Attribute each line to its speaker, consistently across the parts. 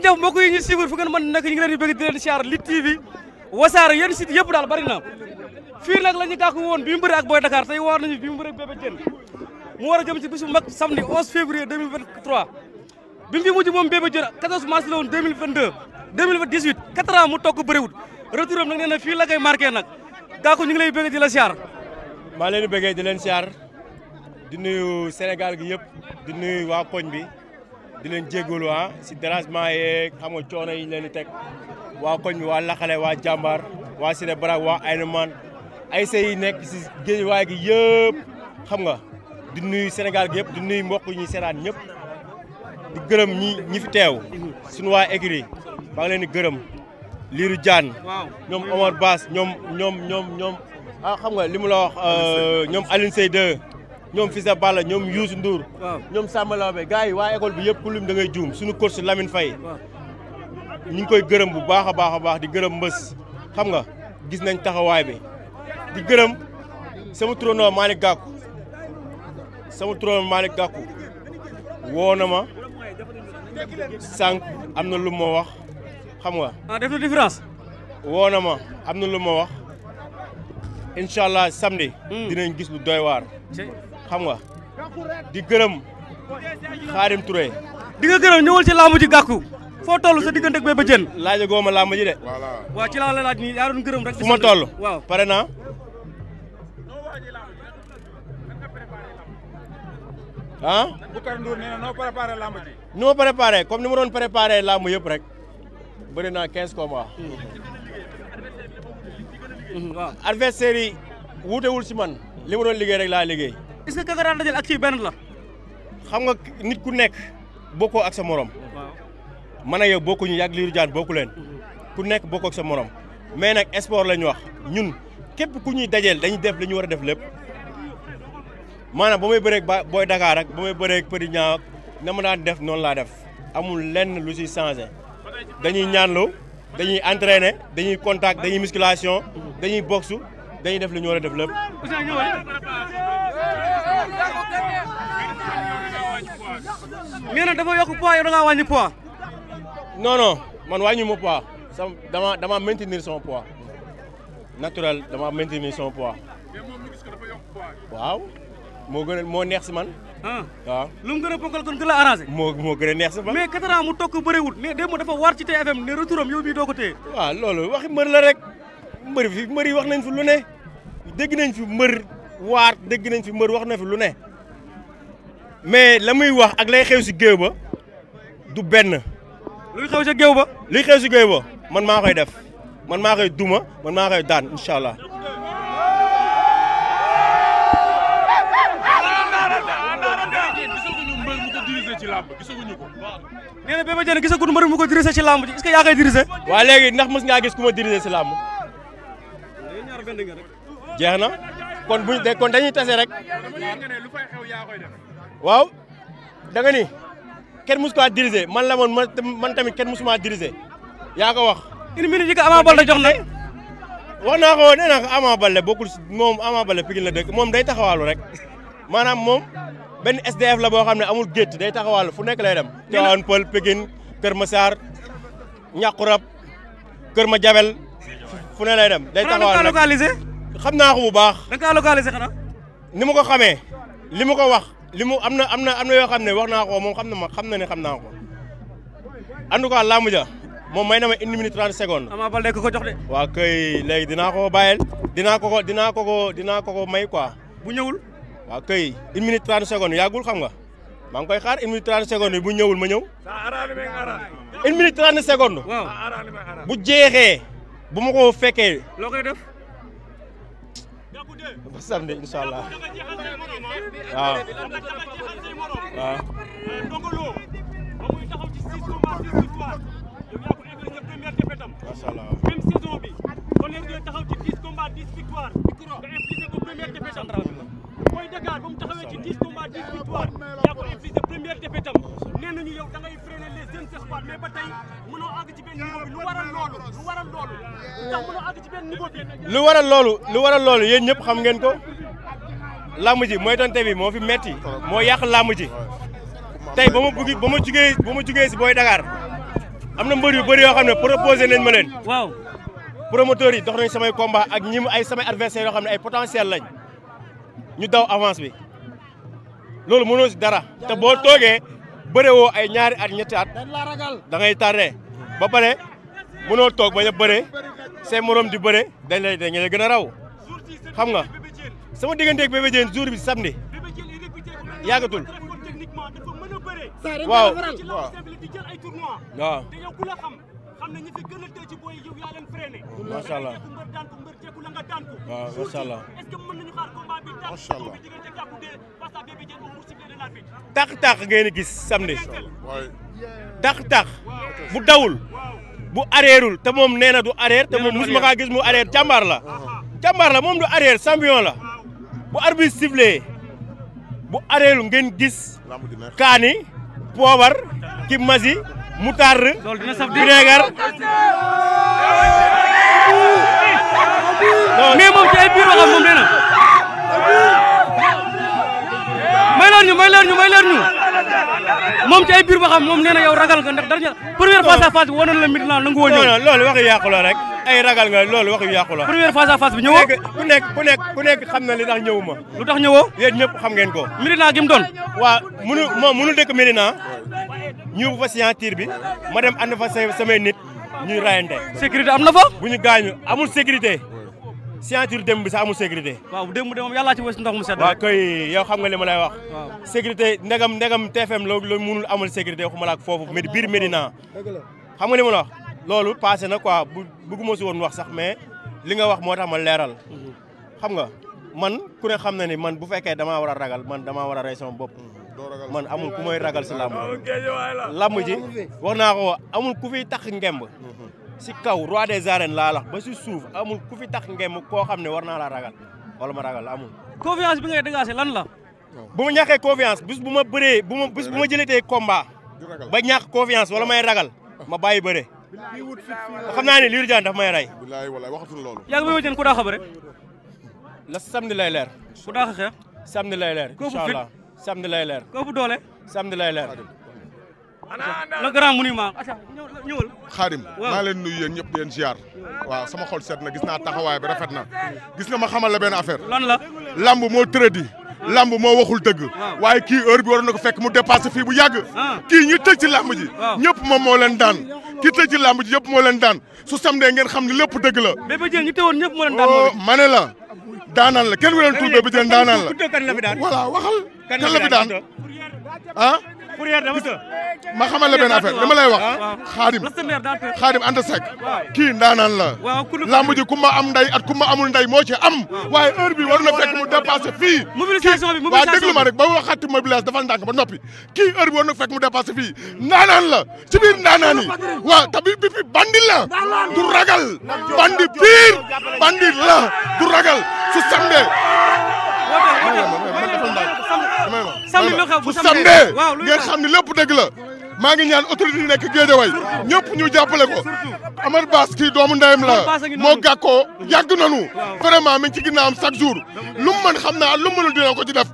Speaker 1: jërëjëf mbokk yi ñu suivre fu ngeen mën nag ñu ngi leen di bëgg di siyaar Lutte TV wasaare yéen site yëpp daal bari na fii nag la ñu gàkku woon bi mu bëri ak Boy Dakar tey waar nañu bi mu bëri ak Bébé mu war a jëm ci bisu mag samedi 11 mu fi mujj moom Bébé Diène 14 mars la woon 2022 2018 4 ans mu toog bëriwul retour am nag nee na fii la koy marqué nag gàkku ñu ngi lay bëgg di la siyaar maa leen di bëggee di siyaar di nuyu gi yëpp di waa koñ bi di leen jégalu ah si dérangement yee xam nga coono yi leen di teg waa koñ bi waa Laxale waa jàmbaar waa Sine Barak waa Aynaman ay say yi nekk si géejuwaay gi yëpp xam nga di nuyu Sénégal gi di nuyu mbokk ñi seraan ñëpp di gërëm ñi ñi fi teew suñu waa écurie maa leen di gërëm Lirou Diane ñoom Omar Bass ñoom ñoom ñoom ñoom ah xam nga li mu la wax euh, ñoom Alioune Seye ñoom Fils de Balla ñoom Youssou Ndour. ñoom Samba Laobé gars yi waa école bi yëpp ku lim da ngay juum suñu coach Lamine Faye ñu ngi koy gërëm bu baax a baax a baax di gërëm mbës xam nga gis nañ taxawaay bi di gërëm sama turandoo Malick Gakou sama turandoo Malick Gakou woo na ma sànq am na lu ma wax xam nga. ah woo na ma am na lu ma wax incha allah samedi. Hmm. dinañ gis lu doy waar. xam nga di gërëm Xaadim Touré. di nga gërëm ñëwal ci laamu ji gàkku foo toll sa diggante ak Bébé Diène. laaj gooma laamu ji de. waaw ci toll waaw pare naa. ah. Boucar Ndour na noo préparé laamu ji. ni ma préparé comme ni doon préparé laamu yëpp rek bëri naa 15 combats. Mhm. Mhm, waaw adversaire yi si man li ma doon liggéey rek laa liggéey. est-ce que ka nga daan dajal ak kii benn la. xam nga nit ku nekk bokkoo ak sa morom. man ak yow bokkuñu ñu liiru jaan bokku leen. ku nekk bokkoo ak sa morom. mais nag sport la ñu wax ñun képp ku ñuy dajeel dañu def li ñu war a def lépp maanaam ba may bëreeg ba booy Dakar ak ba may bëreeg Petit Niang na ma daan def noonu laa def amul lenn lu si changé dañuy ñaanlu dañuy entraîner dañuy contact dañuy musculation dañuy boxu dañuy def li ñu war a def lépp. nee na dafa yokk poids yow da ngaa wàññi poids. man wàññi ma poids sama dama dama maintenir son poids naturel dama maintenir son poids. waaw moo gën moo neex si man. Ah. waaw lu mu gën a bokkal gën a arrangé. moo moo gën neex si man. mais quatre ans mu toog ko bëriwul mais démb dafa war ci TFM ne retouram yow bii doo ko téye. waaw loolu waxi mbër la rek mbër fi mbër yi wax nañ fi lu ne dégg nañ fi mbër. waat dégg nañ fi mbër wax na fi lu ne mais la muy wax ak lay xew si géew ba du benn. luy xew si géew ba. luy xew si géew ba man maa koy def man maa koy duma man maa koy daan incha allah. nee na Bébé Diène gisaguñu mbër mu ko dirigé ci làmb ji est-ce que yaa koy dirigé. waaw léegi ndax mës ngaa gis ku ma dirigé si làmb. jeex na. kon buñ kon dañuy tase rek waaw da nga ni kenn musu ko man la woon man tamit kenn musuma diriger yaa ko wax. une minute yi ko Ama Baldé jox na. wax naa ko nee naa ko Ama Baldé bokkul si moom Ama Baldé Pikine la dëkk moom day taxawaalu rek maanaam moom benn SDF la boo xam ne amul gétt day taxawaalu fu nekk lay dem. Tivaouane Peulh Pikine Kër Massar Ñàqurab Kër Madiabel fu ne lay dem. day taxawaalu rek xam naa ko bu baax. da nga kaa localisé ni ma ko xamee li ma ko wax li mu am na am na am na yoo xam ne wax naa ko moom xam na ma xam na ne xam naa ko en tout cas laamu ja moom may na ma une minute trente secondes. Ama Baldé ko ko jox de. waaw kay léegi dinaa ko dinaa ko ko ko may quoi. bu ñëwul. waaw kay une minute trente secondes yàggul xam nga maa ngi koy xaar une minute trente secondes bu ñëwul ma ñëw. une minute trente secondes. bu jeexee bu ma ko fekkee. loo koy def. samedi incha allah waaw waaw. macha allah. au lieu de taxaw ci 10 combats 10
Speaker 2: victoires nga infligé ko première défaite am Boy Dakar ba mu taxawee ci ci benn
Speaker 1: niveau bi lu waral loolu lu waral loolu ndax ci benn niveau bi. lu waral loolu lu waral ñëpp xam ngeen ko làmb ji moytante bi moo fi metti moo yàq làmb ji tey ba ma bëgg ba ma jugee ba ma jugee si Boy Dakar am na mbër yu bëri yoo xam ne proposé nañ ma leen waaw. promoteurs yi dox nañ samay combat ak ñi ay samay adversaires yoo xam ne ay potentiel lañ ñu daw avance bi loolu mënoo si dara te boo toogee woo ay ñaari at ñetti at da ngay tardé ba pare mënoo toog bañ a bëre say morom di bëre dañ lay dañ gën a raw xam nga sama digganteeg Bébé Diène jour bi samedi yàggatul waaw waaw. xam ne nga daan ngeen gis samedi tax-tax bu dawul bu areerul te moom nee na du areer te moom musuma kaa gis mu areer jàmbaar la jàmbaar la moom du areer champion la bu arbitre sifflé bu areerul ngeen gis kaani poobar ki masi moutarde. loolu
Speaker 2: dina saf vinaigre.
Speaker 1: mais moom ci ay biir waxam moom nee na. may leen ñu may leen ñu may leen ñu. moom ci ay biir waxam moom nee na yow ragal nga ndax dara première face à face bi wane na la Midina nangu woo ñëw. non non loolu waxi yàqu la rek. ay ragal nga loolu wax yu yàqu la. première face à face bi ñëwoo ku nekk ku nekk ku nekk xam na li tax ñëwuma. lu tax ñëwoo. yéen ñëpp xam ngeen ko. Médina gi mu doon. waa munu moom munu dëkk Médina ñu bu fa signature bi ma dem ànd fa samay nit ñuy rayante. sécurité am na fa. bu ñu gaañu amul sécurité. signature dem bi sax amul sécurité. waa bu de moom yàllaa ci wës ndox mu sedd. waaw koy yow xam nga li ma lay wax. sécurité ndegam ndegam TFM loolu loolu mënul amul sécurité waxuma la ak foofu mais biir Médina xam nga li ma wax loolu passé na quoi bu bëgguma si woon wax sax mais li nga wax moo tax ma leeral. Mhm. xam nga man ku xam na ni man bu fekee damaa war a ragal man damaa war a rey sama bopp. man amul ku may ragal si làmb làmb ji wax naa ko amul ku fiy tax ngemb si kaw roi des arènes laa lax ba si suuf amul ku fi tax ngemb koo xam ne war naa laa ragal wala ma ragal amul confiance bi ngay dégagé lan la bu ma ñàkkee confiance bis bu ma bëree bu ma bis bu ma jëlatee combat ba ñàkk confiance wala may ragal ma bàyyi bëre xam naa ne Lirou Diane daf may rey
Speaker 2: bilaay walaay waxatuñ loolu
Speaker 1: yaa ngi may wëteen ku daax la samedi leer ku daax a xeex leer incha allah
Speaker 2: samedi lay leer. koo ëpp doole. samedi lay leer. le grand monument. ñëwal xaarim maa leen nuyu yéen ñëpp di leen ziar. waaw sama xol set na gis naa taxawaay bi rafet na gis nga ma xamal la benn affaire. lan la lamb moo tëradi. lamb moo waxul dëgg. waaye kii heure bi waroon na fekk mu dépassé fii bu yàgg. Ah. kii ñi tëj ci lamb ji. ñëpp moom moo leen daan. ki tëj ci lamb ji ñëpp moo leen daan su samdee ngeen xam ne lépp dëgg la. mais ba jël te teewoon ñëpp moo leen daan oh, ma ne la.
Speaker 1: daanaan la kenn ku leen tuddee bi jël daanaan la voilà waxal kan la fi daan
Speaker 2: ah. Fourrière dama sa ma xamal la benn affaire dama lay wax ah. xaadim xaadim Anta Seck ah. kii ndaanaan la lamb ji ku ma am nday at ku ma amul nday moo ci am ah. waaye heure bi war na fekk mu dépassé fii kii waa déglu ma rek ba waxati mobilisation dafa ndànk ba noppi kii heure bi war na fekk mu dépassé fii ndaanaan la ci biir ndaanaan yi waaw te du ragal bandi piir bandi du ragal su samdee samedi lu xew bu samedi waaw ngeen xam ne lépp dëgg maa ngi ñaan autorité yi nekk Guédiawaye ñëpp ñu jàppale ko Amar Bass kii doomu ndeyam la moo gàkkoo yàgg nañu vraiment mi ngi ci ginnaawam chaque jour lu mu mën xam naa lu mu mënul ko ci def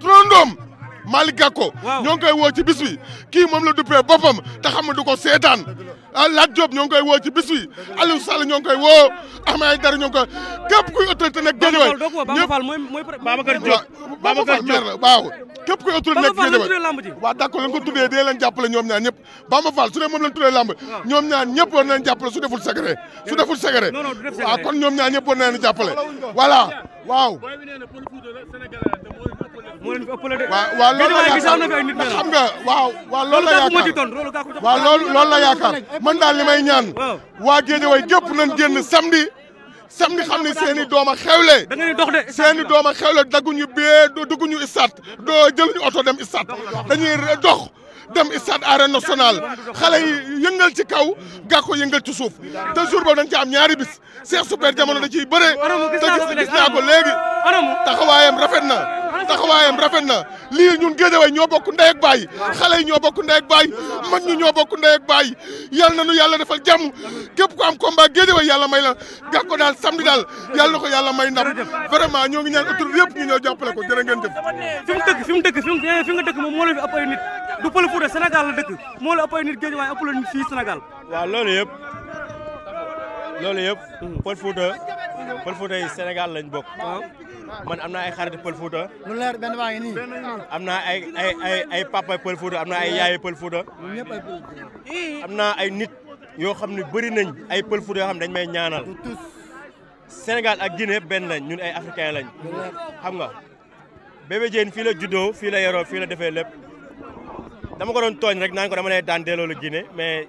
Speaker 2: trondoom Malick Gàkko ñoo ngi koy woo kii moom la duppee boppam te xam du ko seetaan Lat Diop ñoo ngi koy woo ci bis bi Aliou Sall ñoo ngi koy woo Ahmed Aïdara ñoo ngi koy képp kuy autorité nekk Guédiawaye ñëpp Babacar Diop Babacar Diop waaw képp kuy autorité nekk Guédiawaye waaw d'accord lañ ko tuddee dee leen jàppale ñoom ñaar ñëpp Bamba Fall su dee moom lañ tuddee làmb ñoom ñaar ñëpp war nañ jàppale su deful secret su deful kon ñoom ñaar ñëpp war nañ jàppale voilà waaw waaw waaw loolu la yaakaar xam nga waaw waaw loolu la yaakaar waaw loolu loolu man daal li may ñaan waa Géejawaay gépp nañ génn samedi samedi xam ne seen i doom a xewle. da ngeen dox de. seen i doom a xewle dagguñu bee dugguñu istat doo jëluñu oto dem istat dañuy dox. dem stade arène nationale xale yi yëngal ci kaw gàkko yëngal ci suuf te jour boobu dañ ci am ñaari bis Cheikh Super jamono da ciy bëre te gis naa ko léegi taxawaayam rafet na taxawaayam rafet na lii ñun Géejawaay ñoo bokk ndey ak baay xale yi ñoo bokk ndey ak baay mag ñu ñoo bokk ndey ak baay yal na nu yàlla defal jàmm képp ku am combat Géejawaay yàlla may la Gàkko daal samedi daal yàlla na ko yàlla may na vraiment ñoo ngi ñaan autorité yëpp ñu ñëw jàppale ko jërë ngeen jëf fi mu dëkk fi mu dëkk fi nga dëkk moom moo la fi ëpp ay nit du Pël Fuuta Sénégal la dëkk moo la ëpp ay nit Géejawaay ëpp la nit fii
Speaker 1: Sénégal waaw loolu yëpp loolu yëpp Pël Fuuta Pël Fuuta yi Sénégal man am naa ay xarit pël Fuuta.
Speaker 2: lu leer benn baa ngi nii.
Speaker 1: am naa ay ay ay ay papa am naa ay yaay pël Fuuta. ñëpp ay am naa ay nit yoo xam ne bëri nañ ay pël Fuuta yoo xam ne dañ may ñaanal. Sénégal ak Guinée benn lañ ñun ay africain lañ. xam nga be Diène fii la juddoo fii la yaroo fii la defee lépp dama ko doon tooñ rek naan ko dama ne daan delloo la Guinée mais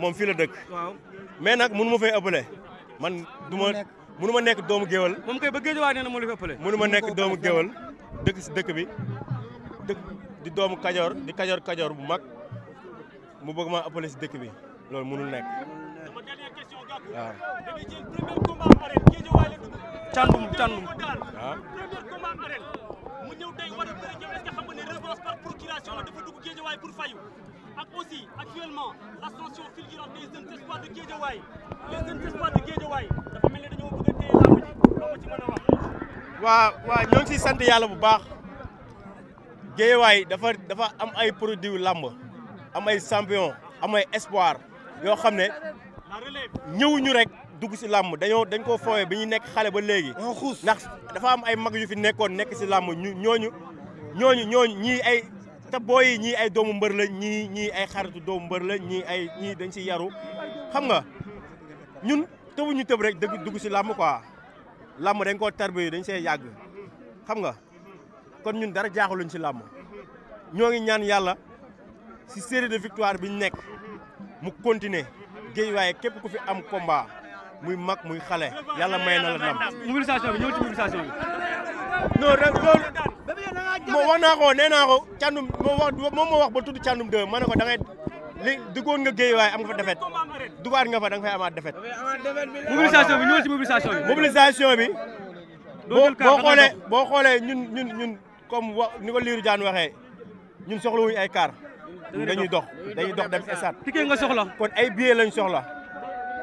Speaker 1: moom fii la dëkk. mais nag mënu ma fay ëppale man du mënu ma nekk doomu géwal moom kay ba géejawaay nekk doomu géwal dëkk si dëkk bi dëkk di doomu kajoor di kajoor kajoor bu mag mu bëgg maa dëkk bi loolu mënul nekk mu ñëw tey war a bëri yow est ne revanche par procuration la dafa dugg Guédiawaye pour fayu ak aussi actuellement l'ascension fulgurante des de Guédiawaye les jeunes espoirs waa waa ñoo ngi sant yàlla bu baax géewaay dafa dafa am ay produit làmb am ay champion am ay espoir yoo xam ne ñëwuñu rek dugg si làmb dañoo dañ ko foowee bi ñu nekk xale ba léegi ndax dafa am ay mag yu fi nekkoon nekk si làmb ñu ñooñu ñooñu ñooñu ñii ay te ñii ay doomu mbër la ñii ñii ay xaritu doomu mbër la ñii ay ñii dañ si yaru xam nga ñun tëbuñu tëb rek dëgg dugg si làmb quoi làmm dañ koo tarbiyu dañ see yàgg xam nga kon ñun dara jaaxaluñ ci làmm ñoo ngi ñaan yàlla si série de victoire bi ñu nekk mu continuer Guédiawaye képp ku fi am combat muy mag muy xale yàlla may na la ndam.
Speaker 2: mobilisation bi ñëw ci mobilisation bi.
Speaker 1: non ren loolu moo wax naa ko nee naa ko càndum moo wax moom moo wax ba tudd càndum 2 ma ne ko da ngay li duggoon nga Guédiawaye am nga fa defet dubaat nga fa da nga fay amaat defet mobilisation bi ñëw bi. mobilisation bi.
Speaker 2: boo boo xoolee
Speaker 1: boo xoolee ñun ñun ñun comme wa ni ko Lirou Diane waxee ñun soxlawuñu ay kar dañuy dox dañuy dox dem stade. ticket nga soxla. kon ay billets lañ soxla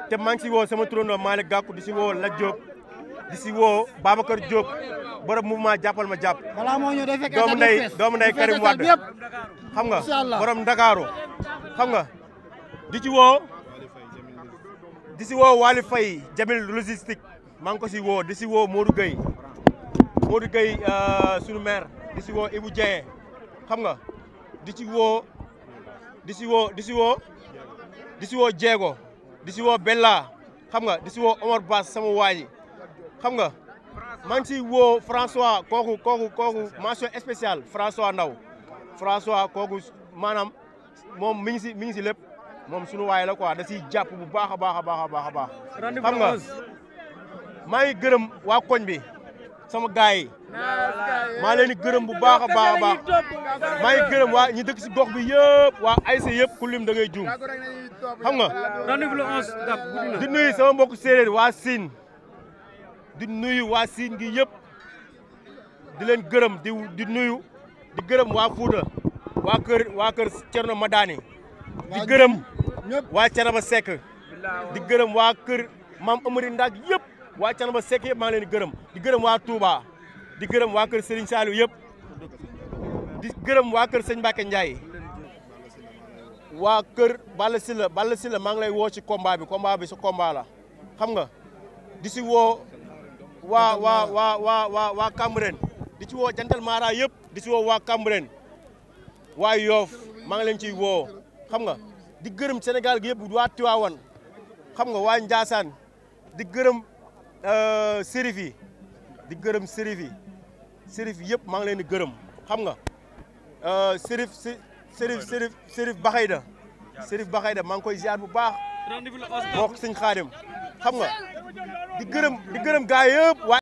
Speaker 1: te maa ngi si woo sama turandoo Malick Gakou di si woo Lat Diop di si woo Babacar Diop mu maa jàppal ma jàpp. balaa moo ñëw day fekk doomu ndey doomu ndey Karim Wade xam nga borom Ndakaaru xam nga di ci woo. di si woo Waly Faye Jamil logistique maa ngi ko si woo di si woo Modou Gueye Modou Gueye euh, sunu maire di si woo Ibou xam nga di si woo di si woo di si di si woo di si woo Bella xam nga di si woo Omar Bass sama waaji xam nga maa ngi si woo François kooku kooku kooku mention spéciale François Ndaw François kooku maanaam moom mi ngi si lépp moom suñu waay la ko da siy jàpp bu baax a baax a baax a baax a baax. xam nga maa ngi gërëm waa koñ bi sama gars yi. maa leen di gërëm bu baax a baax a maa ngi gërëm waa ñi dëkk si gox bi yëpp waa aysa yëpp ku lim da ngay juum
Speaker 2: xam nga. di nuyu
Speaker 1: sama mbokk séeréer waa Sine di nuyu waa Sine gi yëpp di leen gërëm di di nuyu di gërëm waa Fuuta waa kër waa kër Cerno Madani di gërëm waa Canaba Seck di gërëm waa kër maam Amari Ndak yëpp waa Canaba Seck yëpp maa ngi gërëm di gërëm waa Touba di gërëm waa kër Serigne Saliou yëpp di gërëm waa kër Sëñ Mbacke Ndiaye waa kër Balla Sylla Balla Sylla maa ngi lay woo ci combat bi combat bi sa xam nga di si woo waa waa waa waa waa waa di ci woo jantal Mara yëpp di si woo waa Cambérène waa Yoff maa ngi leen ciy woo xam nga di gërëm Sénégal gi ti waa Tiwaawan xam nga waa Njaasaan di gërëm euh, sérif yi di gërëm sérif yi sérif yëpp maa ngi leen gërëm xam nga euh, sérif si sérif sérif sérif Baxayda sérif Baxayda maa ngi koy ziar bu baax moo sëñ Xaadim xam nga
Speaker 2: di gërëm di gërëm
Speaker 1: gaa yëpp